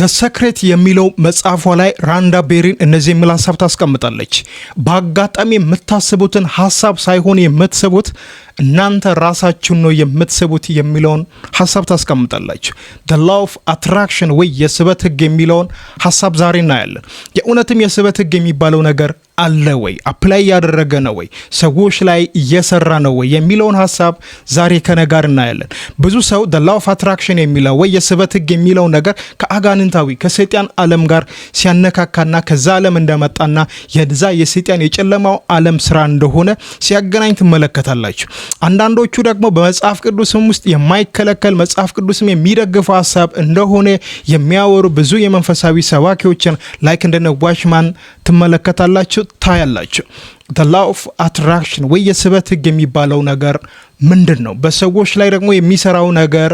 ደ ሰክሬት የሚለው መጽሐፏ ላይ ራንዳ ቤሪን እነዚህ የሚል ሀሳብ ታስቀምጣለች። በአጋጣሚ የምታስቡትን ሀሳብ ሳይሆን የምትስቡት እናንተ ራሳችሁን ነው የምትስቡት የሚለውን ሀሳብ ታስቀምጣላችሁ። ደ ላው ኦፍ አትራክሽን ወይ የስበት ህግ የሚለውን ሀሳብ ዛሬ እናያለን። የእውነትም የስበት ህግ የሚባለው ነገር አለ ወይ? አፕላይ ያደረገ ነው ወይ? ሰዎች ላይ እየሰራ ነው ወይ የሚለውን ሀሳብ ዛሬ ከነጋር እናያለን። ብዙ ሰው ደ ላው ኦፍ አትራክሽን የሚለው ወይ የስበት ህግ የሚለው ነገር ከአጋንንታዊ ከሰይጣን ዓለም ጋር ሲያነካካና ከዛ ዓለም እንደመጣና የዛ የሰይጣን የጨለማው ዓለም ስራ እንደሆነ ሲያገናኝ ትመለከታላችሁ። አንዳንዶቹ ደግሞ በመጽሐፍ ቅዱስም ውስጥ የማይከለከል መጽሐፍ ቅዱስም የሚደግፈው ሀሳብ እንደሆነ የሚያወሩ ብዙ የመንፈሳዊ ሰባኪዎችን ላይክ እንደነ ዋሽማን ትመለከታላችሁ ታያላችሁ። ላ ኦፍ አትራክሽን ወይ የስበት ህግ የሚባለው ነገር ምንድን ነው? በሰዎች ላይ ደግሞ የሚሰራው ነገር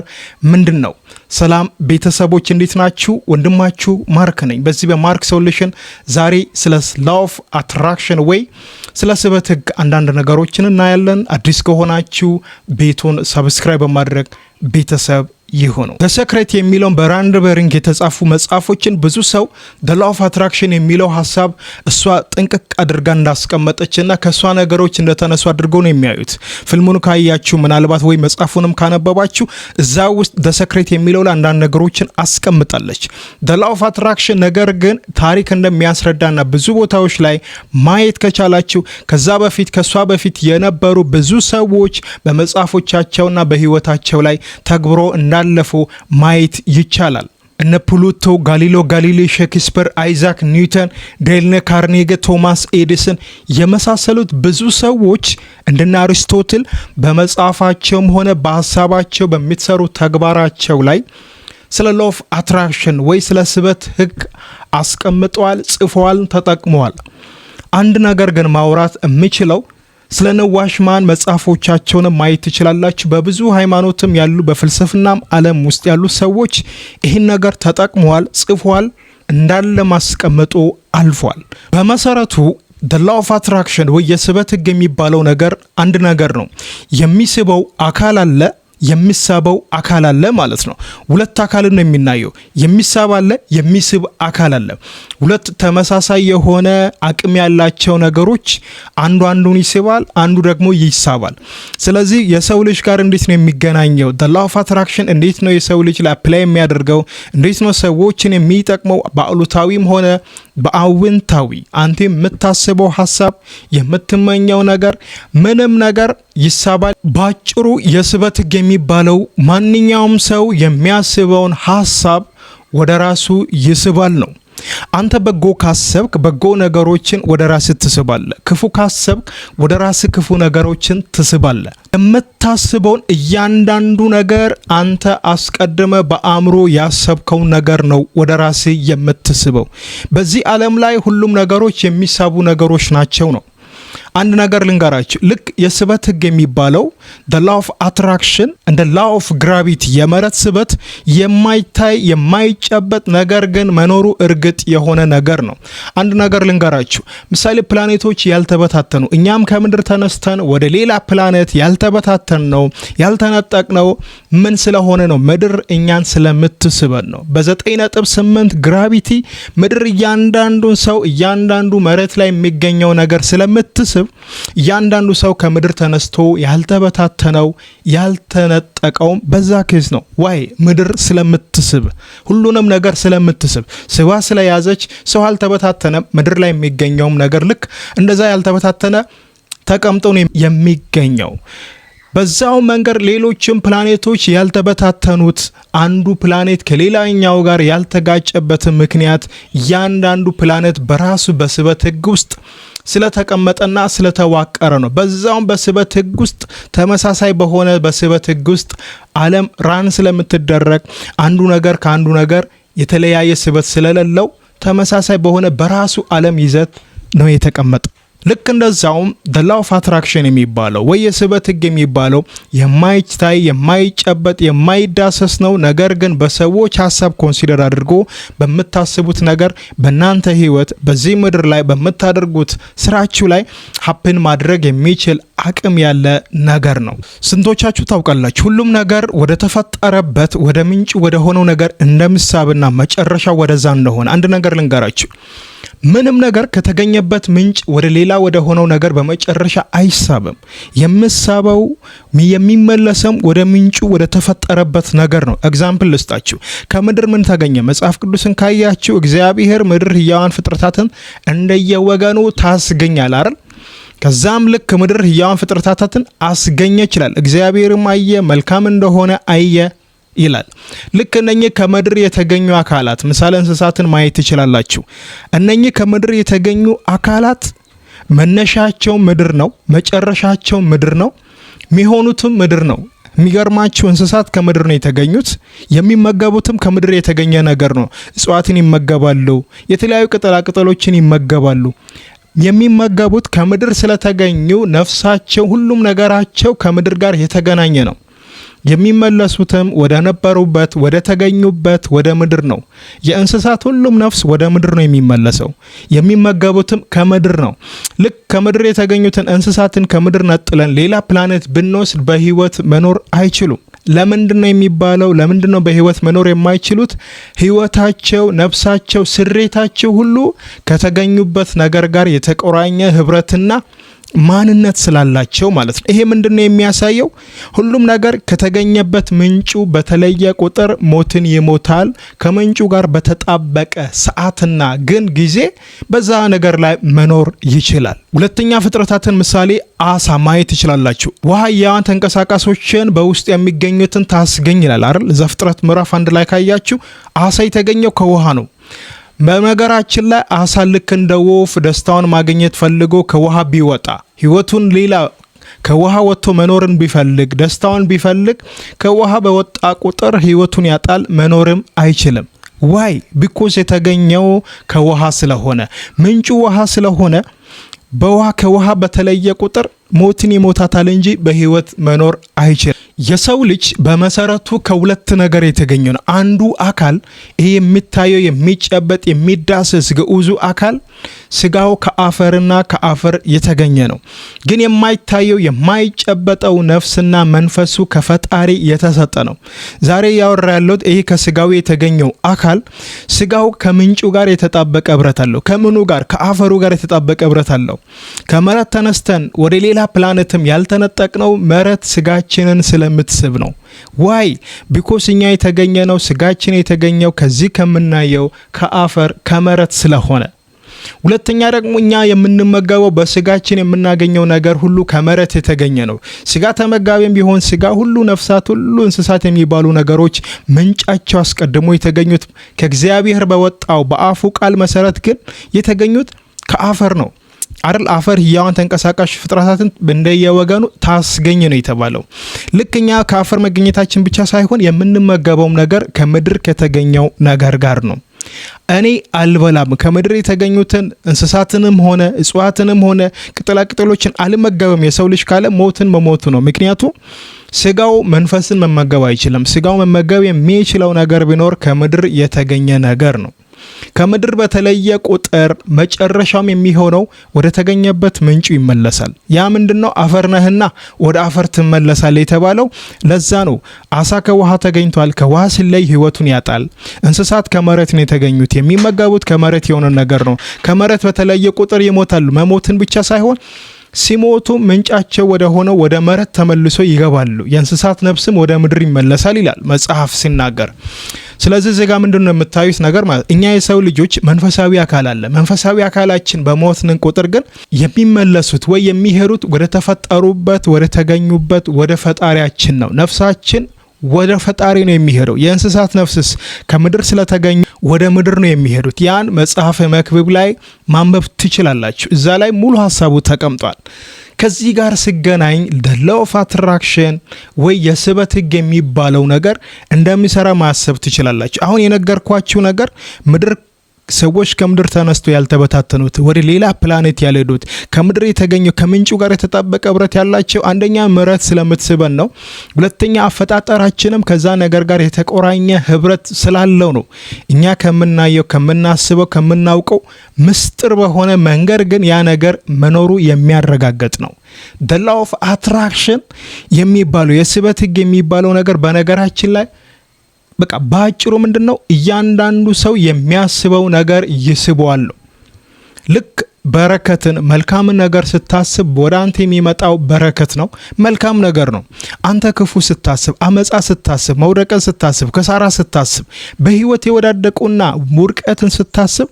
ምንድን ነው? ሰላም ቤተሰቦች እንዴት ናችሁ? ወንድማችሁ ማርክ ነኝ። በዚህ በማርክ ሶሉሽን ዛሬ ስለ ላ ኦፍ አትራክሽን ወይ ስለ ስበት ህግ አንዳንድ ነገሮችን እናያለን። አዲስ ከሆናችሁ ቤቱን ሰብስክራይብ በማድረግ ቤተሰብ የሆነው ዘ ሰክሬት የሚለውን በራንድ በሪንግ የተጻፉ መጽሐፎችን ብዙ ሰው ዘ ላው ኦፍ አትራክሽን የሚለው ሀሳብ እሷ ጥንቅቅ አድርጋ እንዳስቀመጠችና ከእሷ ነገሮች እንደተነሱ አድርጎ ነው የሚያዩት። ፊልሙን ካያችሁ ምናልባት ወይ መጽሐፉንም ካነበባችሁ እዛ ውስጥ ዘ ሰክሬት የሚለው ላይ አንዳንድ ነገሮችን አስቀምጣለች። ዘ ላው ኦፍ አትራክሽን ነገር ግን ታሪክ እንደሚያስረዳና ብዙ ቦታዎች ላይ ማየት ከቻላችሁ ከዛ በፊት ከእሷ በፊት የነበሩ ብዙ ሰዎች በመጽሐፎቻቸውና በህይወታቸው ላይ ተግብሮ እንዳ እንዳለፈው ማየት ይቻላል። እነ ፕሉቶ፣ ጋሊሎ ጋሊሌ፣ ሼክስፐር፣ አይዛክ ኒውተን፣ ዴልነ ካርኔገ፣ ቶማስ ኤዲሰን የመሳሰሉት ብዙ ሰዎች እንደነ አሪስቶትል በመጽሐፋቸውም ሆነ በሀሳባቸው በሚሰሩ ተግባራቸው ላይ ስለ ሎ ኦፍ አትራክሽን ወይ ስለ ስበት ህግ አስቀምጠዋል፣ ጽፈዋል፣ ተጠቅመዋል። አንድ ነገር ግን ማውራት የምችለው ስለ ነዋሽማን መጽሐፎቻቸውን ማየት ትችላላችሁ። በብዙ ሃይማኖትም ያሉ በፍልስፍናም ዓለም ውስጥ ያሉ ሰዎች ይህን ነገር ተጠቅመዋል፣ ጽፏል፣ እንዳለ ማስቀመጡ አልፏል። በመሰረቱ ደ ላው ኦፍ አትራክሽን ወይ የስበት ህግ የሚባለው ነገር አንድ ነገር ነው። የሚስበው አካል አለ የሚሳበው አካል አለ ማለት ነው። ሁለት አካል ነው የሚናየው። የሚሳብ አለ፣ የሚስብ አካል አለ። ሁለት ተመሳሳይ የሆነ አቅም ያላቸው ነገሮች አንዱ አንዱን ይስባል፣ አንዱ ደግሞ ይሳባል። ስለዚህ የሰው ልጅ ጋር እንዴት ነው የሚገናኘው? ላ ኦፍ አትራክሽን እንዴት ነው የሰው ልጅ ላይ አፕላይ የሚያደርገው? እንዴት ነው ሰዎችን የሚጠቅመው በአሉታዊም ሆነ በአውንታዊ አንተ የምታስበው ሀሳብ የምትመኘው ነገር ምንም ነገር ይሳባል። ባጭሩ የስበት ህግ የሚባለው ማንኛውም ሰው የሚያስበውን ሀሳብ ወደ ራሱ ይስባል ነው። አንተ በጎ ካሰብክ በጎ ነገሮችን ወደ ራስህ ትስባለ ክፉ ካሰብክ ወደ ራስህ ክፉ ነገሮችን ትስባለ የምታስበውን እያንዳንዱ ነገር አንተ አስቀድመ በአእምሮ ያሰብከው ነገር ነው ወደ ራስህ የምትስበው። በዚህ ዓለም ላይ ሁሉም ነገሮች የሚሳቡ ነገሮች ናቸው ነው አንድ ነገር ልንገራችሁ። ልክ የስበት ህግ የሚባለው ላው ኦፍ አትራክሽን እንደ ላው ኦፍ ግራቪቲ የመሬት ስበት የማይታይ የማይጨበጥ ነገር ግን መኖሩ እርግጥ የሆነ ነገር ነው። አንድ ነገር ልንገራችሁ። ምሳሌ ፕላኔቶች ያልተበታተኑ እኛም ከምድር ተነስተን ወደ ሌላ ፕላኔት ያልተበታተን ነው ያልተነጠቅ ነው። ምን ስለሆነ ነው? ምድር እኛን ስለምትስበን ነው። በ9.8 ግራቪቲ ምድር እያንዳንዱን ሰው እያንዳንዱ መሬት ላይ የሚገኘው ነገር ስለምትስብ ስናስብ እያንዳንዱ ሰው ከምድር ተነስቶ ያልተበታተነው ያልተነጠቀውም በዛ ኬስ ነው። ዋይ ምድር ስለምትስብ ሁሉንም ነገር ስለምትስብ ስባ ስለያዘች ሰው አልተበታተነም። ምድር ላይ የሚገኘውም ነገር ልክ እንደዛ ያልተበታተነ ተቀምጦ ነው የሚገኘው። በዛው መንገድ ሌሎችም ፕላኔቶች ያልተበታተኑት አንዱ ፕላኔት ከሌላኛው ጋር ያልተጋጨበትን ምክንያት እያንዳንዱ ፕላኔት በራሱ በስበት ሕግ ውስጥ ስለተቀመጠና ስለተዋቀረ ነው። በዛውም በስበት ህግ ውስጥ ተመሳሳይ በሆነ በስበት ህግ ውስጥ ዓለም ራን ስለምትደረግ አንዱ ነገር ከአንዱ ነገር የተለያየ ስበት ስለሌለው ተመሳሳይ በሆነ በራሱ ዓለም ይዘት ነው የተቀመጠው። ልክ እንደዛውም ደላው አትራክሽን የሚባለው ወይ የስበት ህግ የሚባለው የማይታይ የማይጨበጥ የማይዳሰስ ነው። ነገር ግን በሰዎች ሀሳብ ኮንሲደር አድርጎ በምታስቡት ነገር በእናንተ ህይወት በዚህ ምድር ላይ በምታደርጉት ስራችሁ ላይ ሀፕን ማድረግ የሚችል አቅም ያለ ነገር ነው። ስንቶቻችሁ ታውቃላችሁ? ሁሉም ነገር ወደ ተፈጠረበት ወደ ምንጭ ወደ ሆነው ነገር እንደምሳብና መጨረሻ ወደዛ እንደሆነ አንድ ነገር ልንገራችሁ ምንም ነገር ከተገኘበት ምንጭ ወደ ሌላ ወደ ሆነው ነገር በመጨረሻ አይሳብም። የምሳበው የሚመለሰም ወደ ምንጩ ወደ ተፈጠረበት ነገር ነው። ኤግዛምፕል ልስጣችሁ። ከምድር ምን ተገኘ? መጽሐፍ ቅዱስን ካያችሁ እግዚአብሔር ምድር ህያዋን ፍጥረታትን እንደየወገኑ ታስገኛል አይደል? ከዛም ልክ ምድር ህያዋን ፍጥረታትን አስገኘ ይችላል። እግዚአብሔርም አየ መልካም እንደሆነ አየ ይላል። ልክ እነኚህ ከምድር የተገኙ አካላት ምሳሌ እንስሳትን ማየት ትችላላችሁ። እነኚህ ከምድር የተገኙ አካላት መነሻቸው ምድር ነው፣ መጨረሻቸው ምድር ነው፣ የሚሆኑትም ምድር ነው። የሚገርማችሁ እንስሳት ከምድር ነው የተገኙት። የሚመገቡትም ከምድር የተገኘ ነገር ነው። እጽዋትን ይመገባሉ። የተለያዩ ቅጠላቅጠሎችን ይመገባሉ። የሚመገቡት ከምድር ስለተገኙ ነፍሳቸው፣ ሁሉም ነገራቸው ከምድር ጋር የተገናኘ ነው። የሚመለሱትም ወደ ነበሩበት ወደ ተገኙበት ወደ ምድር ነው። የእንስሳት ሁሉም ነፍስ ወደ ምድር ነው የሚመለሰው። የሚመገቡትም ከምድር ነው። ልክ ከምድር የተገኙትን እንስሳትን ከምድር ነጥለን ሌላ ፕላኔት ብንወስድ በህይወት መኖር አይችሉም። ለምንድን ነው የሚባለው? ለምንድን ነው በህይወት መኖር የማይችሉት? ህይወታቸው፣ ነፍሳቸው፣ ስሬታቸው ሁሉ ከተገኙበት ነገር ጋር የተቆራኘ ህብረትና ማንነት ስላላቸው ማለት ነው። ይሄ ምንድን ነው የሚያሳየው? ሁሉም ነገር ከተገኘበት ምንጩ በተለየ ቁጥር ሞትን ይሞታል። ከምንጩ ጋር በተጣበቀ ሰዓትና ግን ጊዜ በዛ ነገር ላይ መኖር ይችላል። ሁለተኛ ፍጥረታትን ምሳሌ አሳ ማየት ይችላላችሁ። ውሃ ተንቀሳቃሶችን በውስጥ የሚገኙትን ታስገኝ ይላል አይደል? ዘፍጥረት ምዕራፍ አንድ ላይ ካያችሁ አሳ የተገኘው ከውሃ ነው። በነገራችን ላይ አሳ ልክ እንደ ወፍ ደስታውን ማግኘት ፈልጎ ከውሃ ቢወጣ ህይወቱን ሌላ ከውሃ ወጥቶ መኖርን ቢፈልግ ደስታውን ቢፈልግ ከውሃ በወጣ ቁጥር ህይወቱን ያጣል፣ መኖርም አይችልም። ዋይ ቢኮስ የተገኘው ከውሃ ስለሆነ ምንጩ ውሃ ስለሆነ በውሃ ከውሃ በተለየ ቁጥር ሞትን ይሞታታል እንጂ በህይወት መኖር አይችልም። የሰው ልጅ በመሰረቱ ከሁለት ነገር የተገኘ ነው። አንዱ አካል ይህ የሚታየው የሚጨበጥ የሚዳሰስ ግዑዙ አካል ስጋው ከአፈርና ከአፈር የተገኘ ነው። ግን የማይታየው የማይጨበጠው ነፍስና መንፈሱ ከፈጣሪ የተሰጠ ነው። ዛሬ ያወራ ያለሁት ይህ ከስጋው የተገኘው አካል ስጋው ከምንጩ ጋር የተጣበቀ ብረት አለው። ከምኑ ጋር? ከአፈሩ ጋር የተጣበቀ ብረት አለው። ከመሬት ተነስተን ወደ ሌላ ፕላኔትም ያልተነጠቅነው መሬት ስጋችንን ስለ ስለምትስብ ነው። ዋይ ቢኮስ እኛ የተገኘነው ስጋችን የተገኘው ከዚህ ከምናየው ከአፈር ከመሬት ስለሆነ ሁለተኛ ደግሞ እኛ የምንመገበው በስጋችን የምናገኘው ነገር ሁሉ ከመሬት የተገኘ ነው። ስጋ ተመጋቢም ቢሆን ስጋ ሁሉ፣ ነፍሳት ሁሉ፣ እንስሳት የሚባሉ ነገሮች ምንጫቸው አስቀድሞ የተገኙት ከእግዚአብሔር በወጣው በአፉ ቃል መሰረት ግን የተገኙት ከአፈር ነው። አይደል አፈር ህያዋን ተንቀሳቃሽ ፍጥረታትን እንደየወገኑ ታስገኝ ነው የተባለው። ልክ እኛ ከአፈር መገኘታችን ብቻ ሳይሆን የምንመገበውም ነገር ከምድር ከተገኘው ነገር ጋር ነው። እኔ አልበላም ከምድር የተገኙትን እንስሳትንም ሆነ እጽዋትንም ሆነ ቅጠላቅጠሎችን አልመገብም የሰው ልጅ ካለ ሞትን መሞቱ ነው። ምክንያቱ ስጋው መንፈስን መመገብ አይችልም። ስጋው መመገብ የሚችለው ነገር ቢኖር ከምድር የተገኘ ነገር ነው። ከምድር በተለየ ቁጥር መጨረሻም የሚሆነው ወደ ተገኘበት ምንጩ ይመለሳል። ያ ምንድን ነው? አፈር ነህና ወደ አፈር ትመለሳል የተባለው ለዛ ነው። አሳ ከውሃ ተገኝቷል። ከውሃ ሲለይ ህይወቱን ያጣል። እንስሳት ከመሬት ነው የተገኙት። የሚመገቡት ከመሬት የሆነ ነገር ነው። ከመሬት በተለየ ቁጥር ይሞታሉ። መሞትን ብቻ ሳይሆን ሲሞቱ ምንጫቸው ወደ ሆነው ወደ መሬት ተመልሶ ይገባሉ። የእንስሳት ነፍስም ወደ ምድር ይመለሳል ይላል መጽሐፍ ሲናገር ስለዚህ እዚህ ጋ ምንድን ነው የምታዩት ነገር ማለት እኛ የሰው ልጆች መንፈሳዊ አካል አለ። መንፈሳዊ አካላችን በሞትን ቁጥር ግን የሚመለሱት ወይ የሚሄዱት ወደ ተፈጠሩበት ወደ ተገኙበት ወደ ፈጣሪያችን ነው። ነፍሳችን ወደ ፈጣሪ ነው የሚሄደው። የእንስሳት ነፍስስ ከምድር ስለተገኙ ወደ ምድር ነው የሚሄዱት። ያን መጽሐፈ መክብብ ላይ ማንበብ ትችላላችሁ። እዛ ላይ ሙሉ ሀሳቡ ተቀምጧል። ከዚህ ጋር ስገናኝ ለው ኦፍ አትራክሽን ወይ የስበት ህግ የሚባለው ነገር እንደሚሰራ ማሰብ ትችላላችሁ። አሁን የነገርኳችሁ ነገር ምድር ሰዎች ከምድር ተነስቶ ያልተበታተኑት ወደ ሌላ ፕላኔት ያልሄዱት ከምድር የተገኘው ከምንጩ ጋር የተጣበቀ ህብረት ያላቸው አንደኛ ምረት ስለምትስበን ነው። ሁለተኛ አፈጣጠራችንም ከዛ ነገር ጋር የተቆራኘ ህብረት ስላለው ነው። እኛ ከምናየው ከምናስበው፣ ከምናውቀው ምስጢር በሆነ መንገድ ግን ያ ነገር መኖሩ የሚያረጋገጥ ነው። ደላ ኦፍ አትራክሽን የሚባለው የስበት ህግ የሚባለው ነገር በነገራችን ላይ በቃ በአጭሩ ምንድን ነው እያንዳንዱ ሰው የሚያስበው ነገር ይስበዋል። ልክ በረከትን መልካም ነገር ስታስብ ወደ አንተ የሚመጣው በረከት ነው፣ መልካም ነገር ነው። አንተ ክፉ ስታስብ፣ አመፃ ስታስብ፣ መውደቀን ስታስብ፣ ከሳራ ስታስብ፣ በህይወት የወዳደቁና ውድቀትን ስታስብ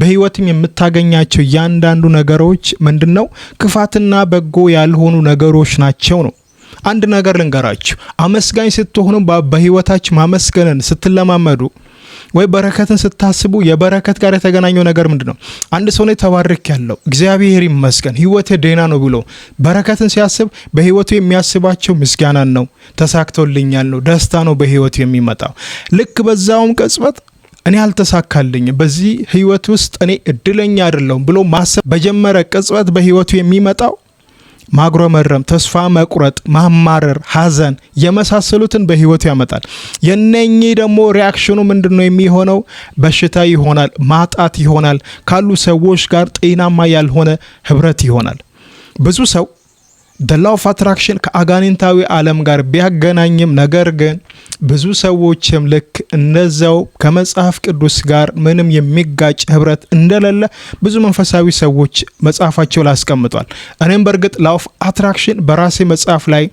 በህይወትም የምታገኛቸው እያንዳንዱ ነገሮች ምንድን ነው ክፋትና በጎ ያልሆኑ ነገሮች ናቸው ነው አንድ ነገር ልንገራችሁ፣ አመስጋኝ ስትሆኑ በህይወታችሁ ማመስገንን ስትለማመዱ ወይ በረከትን ስታስቡ የበረከት ጋር የተገናኘው ነገር ምንድን ነው? አንድ ሰው ነው ተባርክ ያለው እግዚአብሔር ይመስገን ህይወቴ ደህና ነው ብሎ በረከትን ሲያስብ በህይወቱ የሚያስባቸው ምስጋናን ነው፣ ተሳክቶልኛል ነው፣ ደስታ ነው በህይወቱ የሚመጣው። ልክ በዛውም ቅጽበት እኔ አልተሳካልኝም፣ በዚህ ህይወት ውስጥ እኔ እድለኛ አይደለሁም ብሎ ማሰብ በጀመረ ቅጽበት በህይወቱ የሚመጣው ማጉረመረም፣ ተስፋ መቁረጥ፣ ማማረር፣ ሀዘን የመሳሰሉትን በህይወቱ ያመጣል። የነኚህ ደግሞ ሪያክሽኑ ምንድን ነው የሚሆነው? በሽታ ይሆናል፣ ማጣት ይሆናል፣ ካሉ ሰዎች ጋር ጤናማ ያልሆነ ህብረት ይሆናል። ብዙ ሰው ደላው ኦፍ አትራክሽን ከአጋንንታዊ ዓለም ጋር ቢያገናኝም ነገር ግን ብዙ ሰዎችም ልክ እንደዛው ከመጽሐፍ ቅዱስ ጋር ምንም የሚጋጭ ህብረት እንደሌለ ብዙ መንፈሳዊ ሰዎች መጽሐፋቸው ላይ አስቀምጧል። እኔም በእርግጥ ላውፍ አትራክሽን በራሴ መጽሐፍ ላይ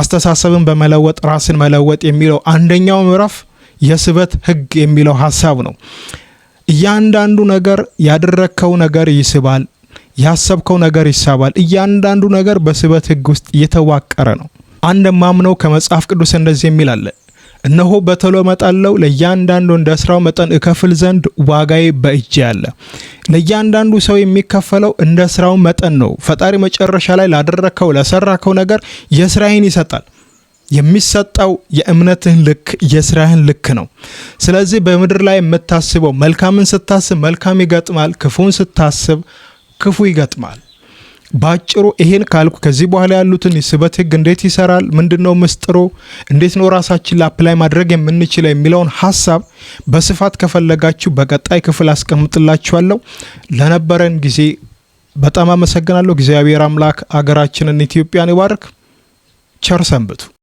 አስተሳሰብን በመለወጥ ራስን መለወጥ የሚለው አንደኛው ምዕራፍ የስበት ህግ የሚለው ሀሳብ ነው። እያንዳንዱ ነገር ያደረግከው ነገር ይስባል፣ ያሰብከው ነገር ይሳባል። እያንዳንዱ ነገር በስበት ህግ ውስጥ እየተዋቀረ ነው። አንድ ማምነው ከመጽሐፍ ቅዱስ እንደዚህ የሚል አለ እነሆ በቶሎ መጣለው ለእያንዳንዱ እንደ ስራው መጠን እከፍል ዘንድ ዋጋዬ በእጄ አለ። ለእያንዳንዱ ሰው የሚከፈለው እንደ ስራው መጠን ነው። ፈጣሪ መጨረሻ ላይ ላደረከው ለሰራከው ነገር የስራህን ይሰጣል። የሚሰጠው የእምነትህን ልክ የስራህን ልክ ነው። ስለዚህ በምድር ላይ የምታስበው መልካምን ስታስብ መልካም ይገጥማል፣ ክፉን ስታስብ ክፉ ይገጥማል። ባጭሩ ይሄን ካልኩ ከዚህ በኋላ ያሉትን ስበት ህግ እንዴት ይሰራል፣ ምንድነው ምስጥሩ፣ እንዴት ነው ራሳችን ለአፕላይ ማድረግ የምንችለው የሚለውን ሀሳብ በስፋት ከፈለጋችሁ በቀጣይ ክፍል አስቀምጥላችኋለሁ። ለነበረን ጊዜ በጣም አመሰግናለሁ። እግዚአብሔር አምላክ አገራችንን ኢትዮጵያን ይባርክ። ቸር ሰንብቱ።